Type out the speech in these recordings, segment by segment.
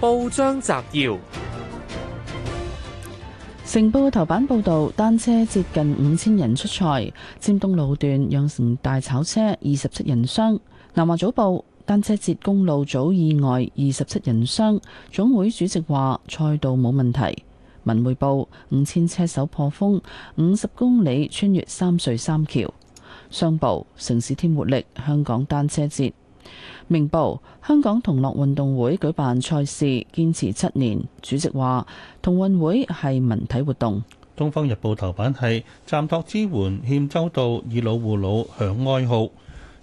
報章摘要：成報頭版報道，單車接近五千人出賽，尖東路段釀成大炒車，二十七人傷。南華早報：單車節公路組意外，二十七人傷。總會主席話：賽道冇問題。文匯報：五千車手破風，五十公里穿越三隧三橋。商報：城市添活力，香港單車節。明報：香港同樂運動會舉辦賽事堅持七年，主席話同運會係文體活動。東方日報頭版係暫託支援欠周到，以老護老響哀號。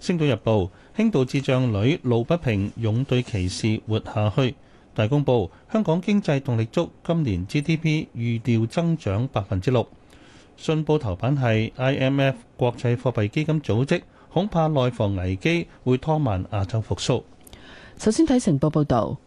星島日報：輕度智障女路不平，勇對歧視活下去。大公報：香港經濟動力足，今年 GDP 預料增長百分之六。信報頭版係 IMF 國際貨幣基金組織。恐怕內房危機會拖慢亞洲復甦。首先睇成報報道。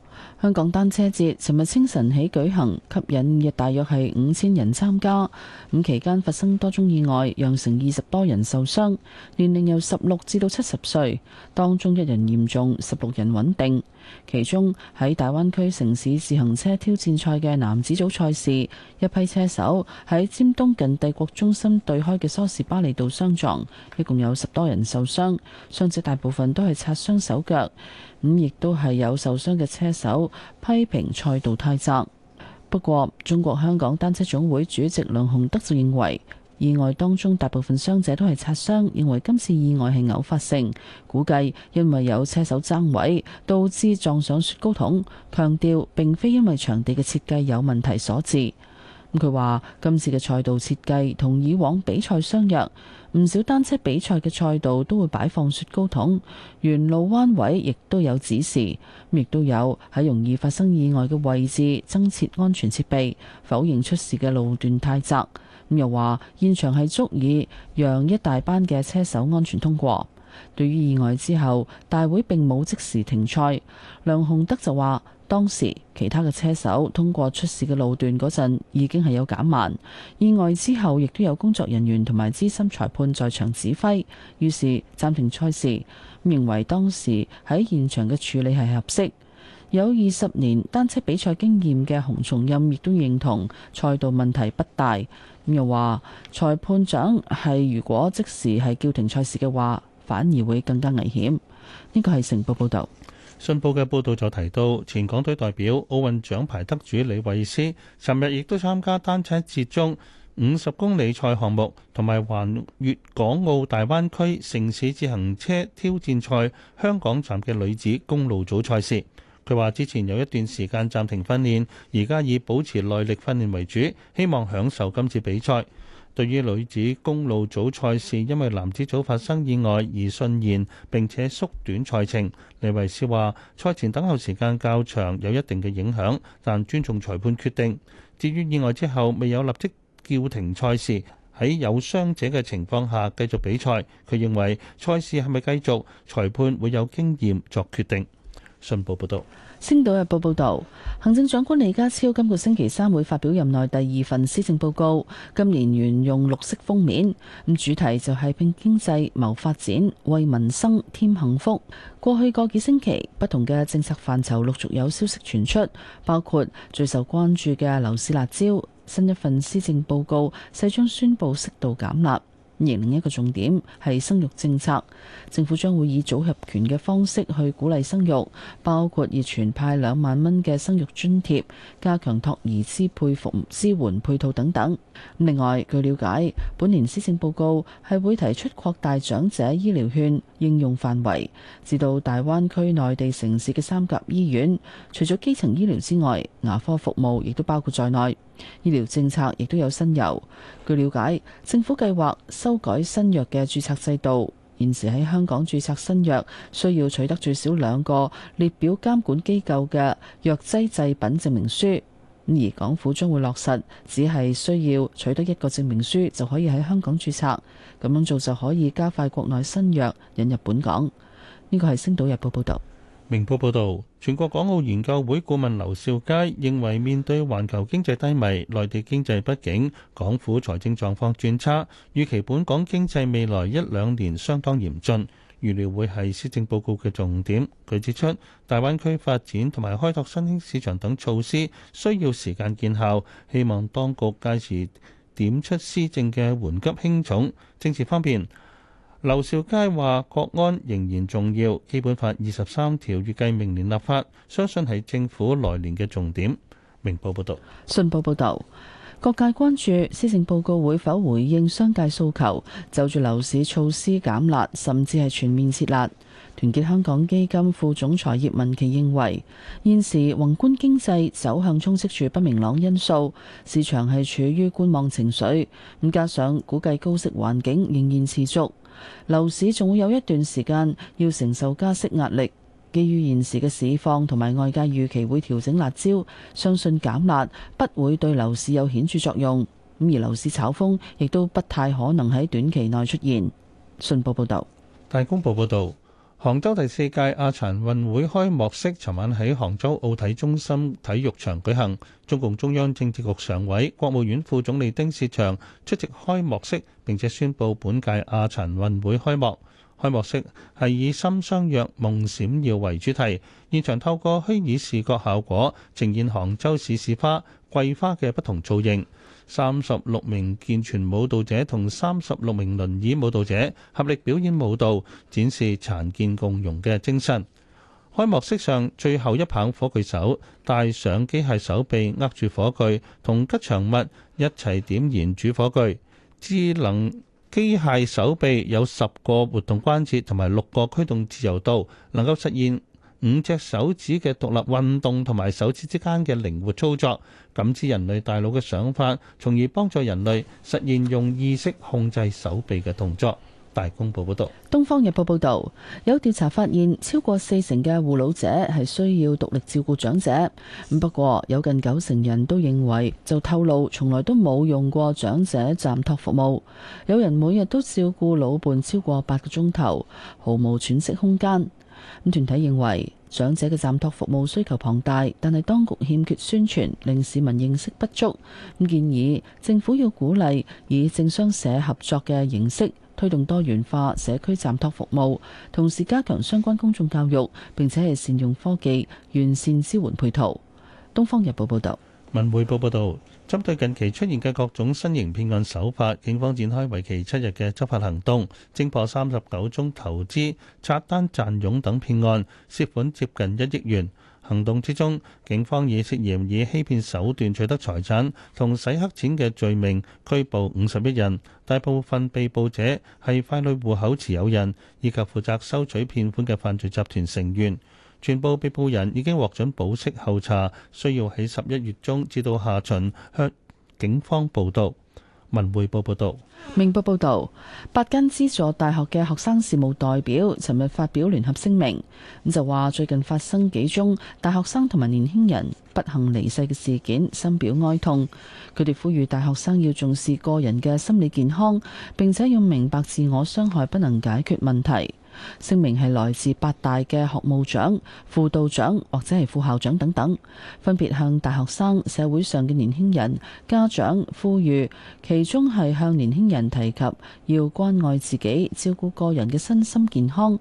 香港單車節尋日清晨起舉行，吸引約大約係五千人參加。咁期間發生多宗意外，讓成二十多人受傷，年齡由十六至到七十歲，當中一人嚴重，十六人穩定。其中喺大灣區城市自行車挑戰賽嘅男子組賽事，一批車手喺尖東近帝國中心對開嘅梳士巴利道相撞，一共有十多人受傷，傷者大部分都係擦傷手腳。咁亦都係有受傷嘅車手批評賽道太窄。不過，中國香港單車總會主席梁洪德就認為意外當中大部分傷者都係擦傷，認為今次意外係偶發性，估計因為有車手爭位導致撞上雪糕筒，強調並非因為場地嘅設計有問題所致。佢話：今次嘅賽道設計同以往比賽相若，唔少單車比賽嘅賽道都會擺放，放雪糕筒，沿路彎位亦都有指示，亦都有喺容易發生意外嘅位置增設安全設備，否認出事嘅路段太窄。咁又話現場係足以讓一大班嘅車手安全通過。對於意外之後，大會並冇即時停賽。梁洪德就話。當時其他嘅車手通過出事嘅路段嗰陣已經係有減慢，意外之後亦都有工作人員同埋資深裁判在場指揮，於是暫停賽事，認為當時喺現場嘅處理係合適。有二十年單車比賽經驗嘅洪重任亦都認同賽道問題不大，咁又話裁判長係如果即時係叫停賽事嘅話，反而會更加危險。呢個係成報報導。信報嘅報導就提到，前港隊代表、奧運獎牌得主李慧詩，尋日亦都參加單車節中五十公里賽項目同埋環粵港澳大灣區城市自行車挑戰賽香港站嘅女子公路組賽事。佢話：之前有一段時間暫停訓練，而家以保持耐力訓練為主，希望享受今次比賽。對於女子公路組賽事，因為男子組發生意外而順延並且縮短賽程，李維斯話：賽前等候時間較長，有一定嘅影響，但尊重裁判決定。至於意外之後未有立即叫停賽事，喺有傷者嘅情況下繼續比賽，佢認為賽事係咪繼續，裁判會有經驗作決定。信報報道。星島日報報道，行政長官李家超今個星期三會發表任內第二份施政報告，今年沿用綠色封面，咁主題就係拼經濟謀發展，為民生添幸福。過去個幾星期，不同嘅政策範疇陸續有消息傳出，包括最受關注嘅樓市辣招，新一份施政報告勢將宣布適度減辣。而另一個重點係生育政策，政府將會以組合拳嘅方式去鼓勵生育，包括熱全派兩萬蚊嘅生育津貼，加強托兒支配服支援配套等等。另外，據了解，本年施政報告係會提出擴大長者醫療券應用範圍，至到大灣區內地城市嘅三甲醫院，除咗基層醫療之外，牙科服務亦都包括在內。醫療政策亦都有新猷。據了解，政府計劃修改新藥嘅注冊制度。現時喺香港注冊新藥需要取得最少兩個列表監管機構嘅藥劑製品證明書，而港府將會落實，只係需要取得一個證明書就可以喺香港注冊。咁樣做就可以加快國內新藥引入本港。呢個係《星島日報》報道。明報報導，全國港澳研究會顧問劉兆佳認為，面對環球經濟低迷、內地經濟不景、港府財政狀況轉差，預期本港經濟未來一兩年相當嚴峻，預料會係施政報告嘅重點。佢指出，大灣區發展同埋開拓新興市場等措施需要時間見效，希望當局屆時點出施政嘅緩急輕重。政治方面。劉兆佳話：國安仍然重要，基本法二十三條預計明年立法，相信係政府來年嘅重點。明報報道，信報報道，各界關注施政報告會否回應商界訴求，就住樓市措施減辣甚至係全面撤辣。團結香港基金副總裁葉文琪認為，現時宏觀經濟走向充斥住不明朗因素，市場係處於觀望情緒。咁加上估計高息環境仍然持續。樓市仲會有一段時間要承受加息壓力，基於現時嘅市況同埋外界預期會調整辣招，相信減辣不會對樓市有顯著作用。咁而樓市炒風亦都不太可能喺短期內出現。信報報道，大公報報道。杭州第四屆亞殘運會開幕式，尋晚喺杭州奧體中心體育場舉行。中共中央政治局常委、國務院副總理丁薛祥出席開幕式並且宣布本屆亞殘運會開幕。開幕式係以「心相約，夢閃耀」為主題，現場透過虛擬視覺效果呈現杭州市市，市花桂花嘅不同造型。三十六名健全舞蹈者同三十六名輪椅舞蹈者合力表演舞蹈，展示殘健共融嘅精神。開幕式上，最後一棒火炬手戴上機械手臂，握住火炬同吉祥物一齊點燃主火炬。智能機械手臂有十個活動關節同埋六個驅動自由度，能夠實現，五隻手指嘅獨立運動同埋手指之間嘅靈活操作，感知人類大腦嘅想法，從而幫助人類實現用意識控制手臂嘅動作。大公報報道。《東方日報》報道，有調查發現，超過四成嘅護老者係需要獨力照顧長者。咁不過有近九成人都認為，就透露從來都冇用過長者暫託服務。有人每日都照顧老伴超過八個鐘頭，毫無喘息空間。咁團體認為長者嘅暫托服務需求龐大，但係當局欠缺宣傳，令市民認識不足。咁建議政府要鼓勵以政商社合作嘅形式推動多元化社區暫托服務，同時加強相關公眾教育，並且係善用科技，完善支援配套。《東方日報》報道。文匯報報道，針對近期出現嘅各種新型騙案手法，警方展開為期七日嘅執法行動，偵破三十九宗投資、刷單、賺佣等騙案，涉款接近一億元。行動之中，警方以涉嫌以欺騙手段取得財產同洗黑錢嘅罪名，拘捕五十一人，大部分被捕者係傀儡戶口持有人以及負責收取騙款嘅犯罪集團成員。全部被捕人已經獲准保釋候查，需要喺十一月中至到下旬向警方報到。文匯報報道：「明報報道，八間資助大學嘅學生事務代表尋日發表聯合聲明，咁就話最近發生幾宗大學生同埋年輕人不幸離世嘅事件，深表哀痛。佢哋呼籲大學生要重視個人嘅心理健康，並且要明白自我傷害不能解決問題。聲明係來自八大嘅學務長、副導長或者係副校長等等，分別向大學生、社會上嘅年輕人、家長呼籲。其中係向年輕人提及要關愛自己，照顧個人嘅身心健康。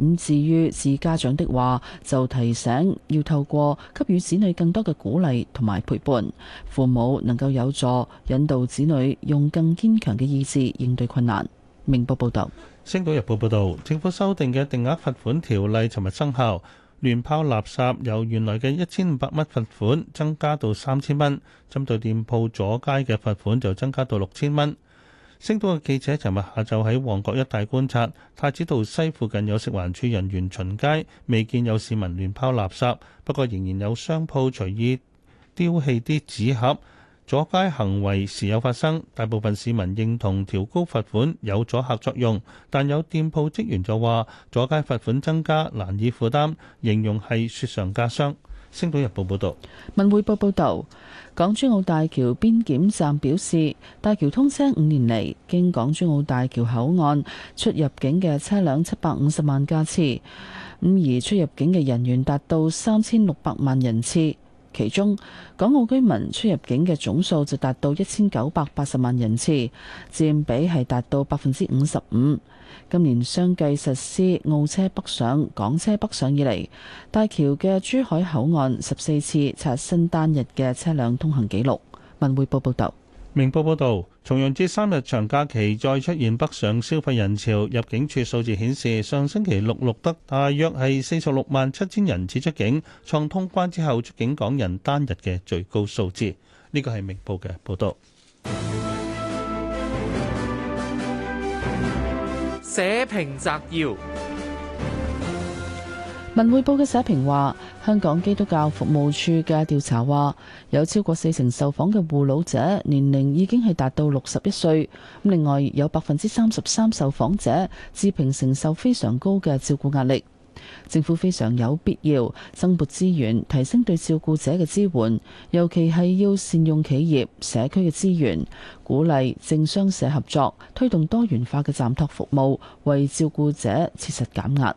咁至於是家長的話，就提醒要透過給予子女更多嘅鼓勵同埋陪伴，父母能夠有助引導子女用更堅強嘅意志應對困難。明報報道。《星島日報》報導，政府修訂嘅定額罰款條例，尋日生效。亂拋垃圾由原來嘅一千五百蚊罰款，增加到三千蚊。針對店鋪阻街嘅罰款就增加到六千蚊。星島嘅記者尋日下晝喺旺角一帶觀察，太子道西附近有食環署人員巡街，未見有市民亂拋垃圾，不過仍然有商鋪隨意丟棄啲紙盒。阻街行為時有發生，大部分市民認同調高罰款有阻嚇作用，但有店鋪職員就話阻街罰款增加難以負擔，形容係雪上加霜。星島日報報道。文匯報報道，港珠澳大橋邊檢站表示，大橋通車五年嚟，經港珠澳大橋口岸出入境嘅車輛七百五十萬架次，咁而出入境嘅人員達到三千六百萬人次。其中，港澳居民出入境嘅總數就達到一千九百八十萬人次，佔比係達到百分之五十五。今年相繼實施澳車北上、港車北上以嚟，大橋嘅珠海口岸十四次刷新單日嘅車輛通行記錄。文匯報報道。明報報道，重陽節三日長假期再出現北上消費人潮，入境處數字顯示，上星期六錄得大約係四十六萬七千人次出境，創通關之後出境港人單日嘅最高數字。呢個係明報嘅報道。社評摘要。文匯報嘅社評話，香港基督教服務處嘅調查話，有超過四成受訪嘅護老者年齡已經係達到六十一歲。另外有百分之三十三受訪者自評承受非常高嘅照顧壓力。政府非常有必要增撥資源，提升對照顧者嘅支援，尤其係要善用企業、社區嘅資源，鼓勵政商社合作，推動多元化嘅暫託服務，為照顧者切實減壓。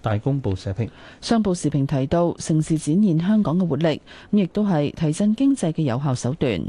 大公報社評，商報時評提到，城市展現香港嘅活力，咁亦都係提振經濟嘅有效手段。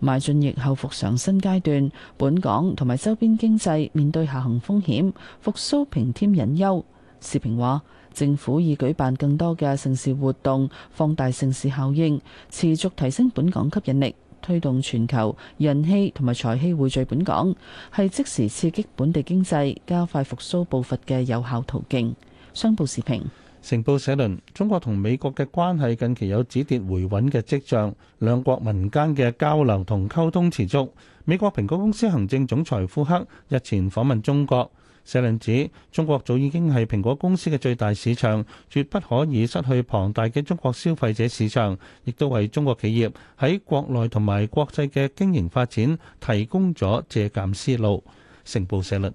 邁進疫後復常新階段，本港同埋周邊經濟面對下行風險，復甦平添隱憂。時評話，政府已舉辦更多嘅城市活動，放大城市效應，持續提升本港吸引力，推動全球人氣同埋財氣匯聚本港，係即時刺激本地經濟、加快復甦步伐嘅有效途徑。商報時評，成報社論：中國同美國嘅關係近期有止跌回穩嘅跡象，兩國民間嘅交流同溝通持續。美國蘋果公司行政總裁庫克日前訪問中國，社論指中國早已經係蘋果公司嘅最大市場，絕不可以失去龐大嘅中國消費者市場，亦都為中國企業喺國內同埋國際嘅經營發展提供咗借鑑思路。成報社論。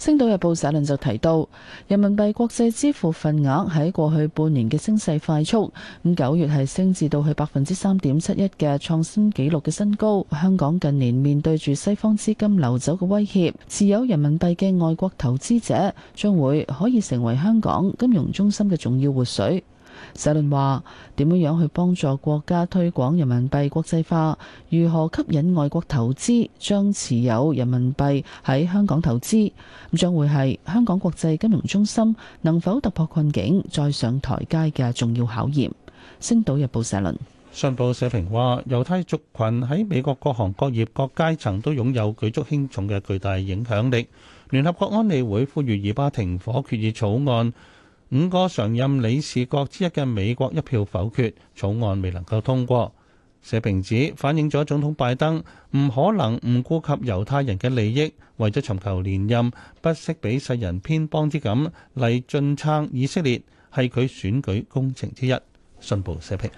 《星島日報》社論就提到，人民幣國際支付份額喺過去半年嘅升勢快速，咁九月係升至到去百分之三點七一嘅創新紀錄嘅新高。香港近年面對住西方資金流走嘅威脅，持有人民幣嘅外國投資者將會可以成為香港金融中心嘅重要活水。社論話點樣樣去幫助國家推廣人民幣國際化？如何吸引外國投資，將持有人民幣喺香港投資，咁將會係香港國際金融中心能否突破困境，再上台階嘅重要考驗。星島日報社論。信報社評話，猶太族群喺美國各行各業各階層都擁有舉足輕重嘅巨大影響力。聯合國安理會呼籲以巴停火決議草案，五個常任理事國之一嘅美國，一票否決草案未能夠通過。社評指反映咗總統拜登唔可能唔顧及猶太人嘅利益，為咗尋求連任，不惜俾世人偏幫之感嚟進撐以色列，係佢選舉工程之一。信報社評。